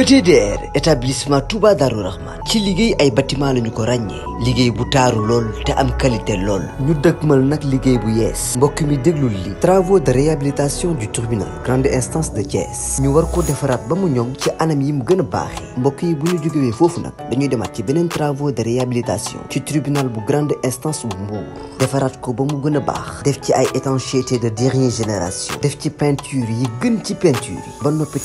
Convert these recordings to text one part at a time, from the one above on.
ETDR établissement Touba Darou Rahman ci ay bâtiment ko bu am qualité ñu dëgmal bu mbokk mi li travaux de réhabilitation du tribunal grande instance de Thiès ñu war ko défarat ba mu ñom ci anam yi mu a mbokk yi bu ñu fofu nak dañuy travaux de réhabilitation ci tribunal bu grande instance bu Mbour défarat ko ba mu def ci ay étanchéité de dernière génération def ci peinture yi gën ci peinture yi ba nopi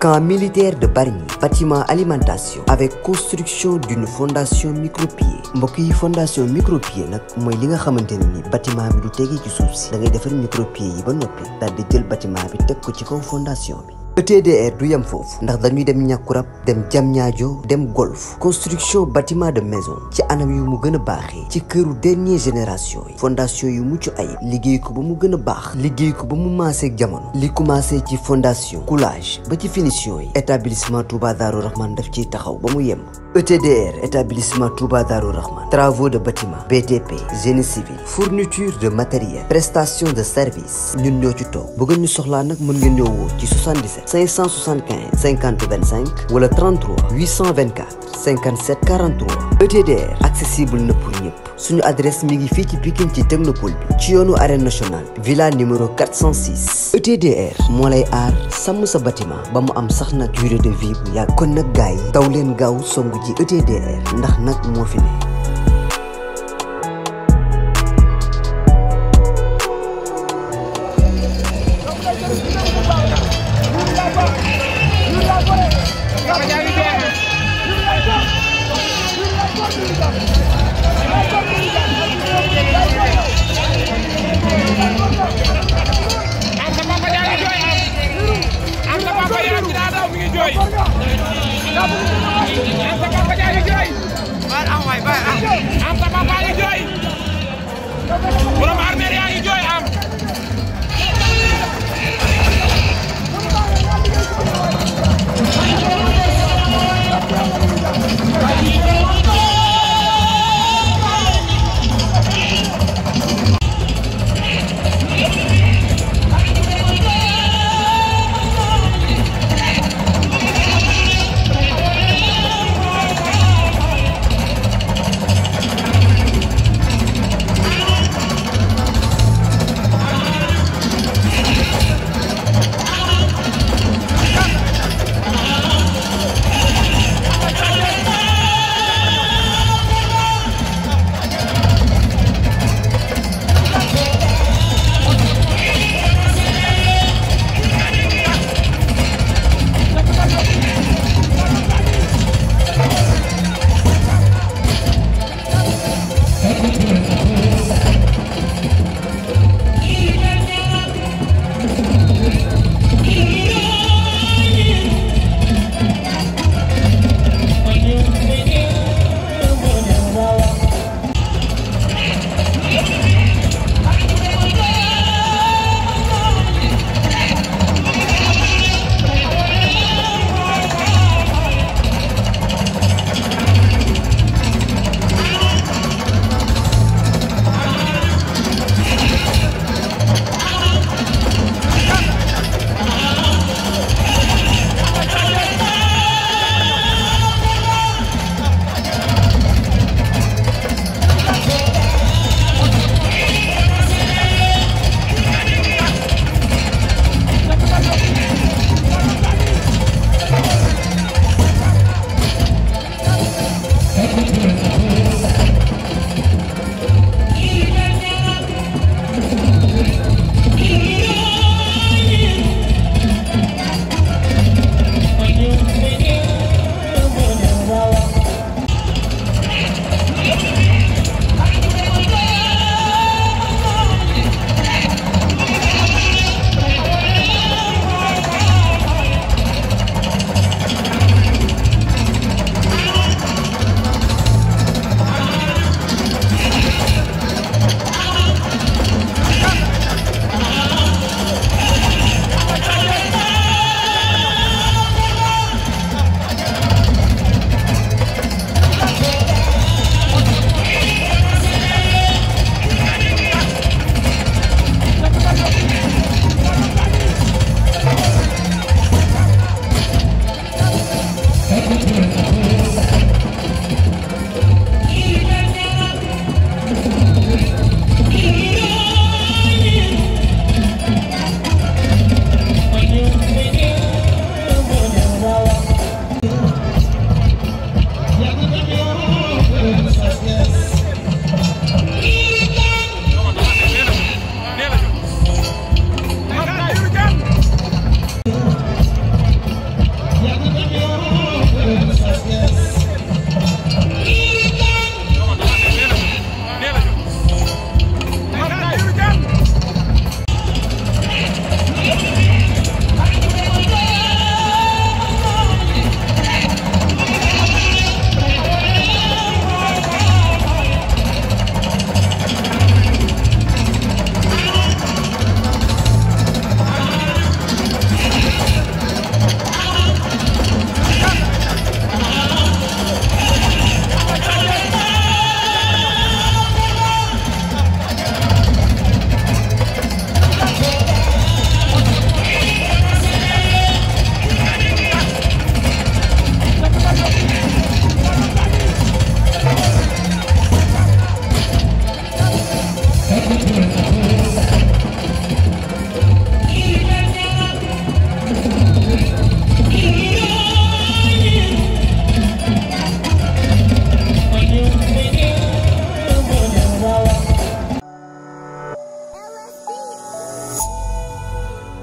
ko militaire de Barigny, bâtiment alimentation avec construction d'une fondation micropieux mbokk fondation micropieux nak moy li nga xamanteni ni bâtiment bi du tegee ci souci. si da ngay defar micropieux yi ba noppi dal di jël bâtiment bi teg ko ci kaw fondation ETDR du yam foofu ndax dañuy dem ñàkkurab dem jamñaajo dem golf construction bâtiment de maison ci anam yu mu gëna a ci këru dernier génération fondation yu muccu ay liggéey ko ba mu gën a liggéey ko ba mu maaseeg jamono li commencé ci fondation coulage ba ci finition yi établissement Touba Darou Rahman daf ci taxaw ba mu yem ETDR établissement Touba Darou Rahman travaux de bâtiment BTP génie civil fourniture de matériel prestation de service ñun ñoo ci tok bu ngeen ñu soxla nak mën ngeen ñoo woo ci 77 575 50 25 le 33 824 57 43 ETDR accessible ne pour nous. suñu adresse magnifique ngi fii ci Pikine ci technopole arène nationale villa numéro 406 ETDR Molayar Ar, aar sàmm sa bâtiment am durée de vie bu yàgg kon nag ETDR e ndax nag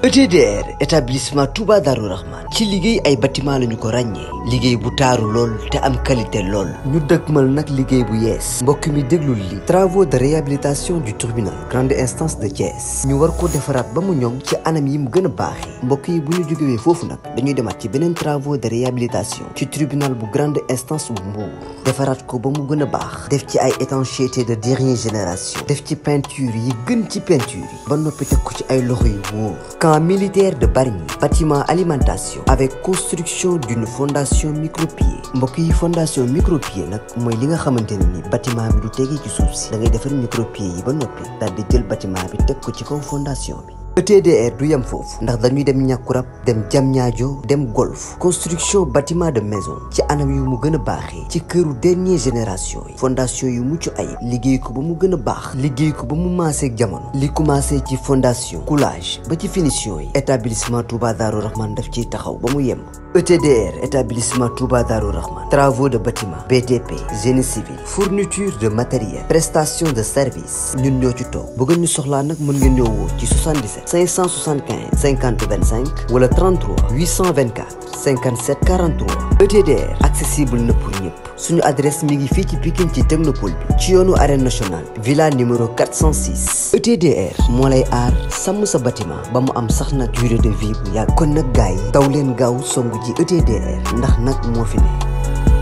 ETDR établissement Touba Darou Rahman ci liguey ay bâtiment lañu ko ragné liguey bu taru lol te am qualité lol ñu dëgmal nak liguey bu yees mbokk mi déglul li travaux de réhabilitation du tribunal grande instance de Thiès ñu war ko defaraat ba mu ñoŋ ci anam yi mu gëna baxé mbokk yi bu ñu jógewee fofu nak dañuy demaat ci benen travaux de réhabilitation ci tribunal bu grande instance bu Mbour defaraat ko ba mu gëna bax def ci ay étanchéité de dernière génération def ci peinture yi gën ci peinture yi ba noppi teg ko ci ay loxo yu wóor militaire de Bargny bâtiment alimentation avec construction d'une fondation micropieux mbokk fondation micropieux nak moy li nga xamanteni ni bâtiment bi du tege ci suuf si da ngay defar micropieux yi ba noppi dal di jël bâtiment bi teg ko ci kaw fondation bi ETDR du yem foofu ndax dañuy dem ñàkkurab dem ñaajo dem golf construction bâtiment de maison ci anam yu mu gën a baaxee ci këru dernier génération yi fondation yu mucc ay liggéey ko ba mu gën a baax liggéey ko ba mu maasee ak jamono li commencé ci fondation coulage ba ci finition yi établissement Touba Darou Rahman daf ciy taxaw ba mu yem ETDR, établissement Touba Darou Rahman, travaux de bâtiment, BTP, génie civil, fourniture de matériel, prestation de services. nous nous ci Si vous 77 575 50 25 le 33 824 57 43 ETDR accessible ne pour ñep suñu adresse mi ngi fi ci Pikine ci technopole bi ci yoonu arène nationale villa numéro 406 ETDR mo lay ar sàmm sa bâtiment ba mu am sax nag durée de vie bu yàgg kon nak gaay taw leen gaaw songu ji ETDR ndax nak mo fi ne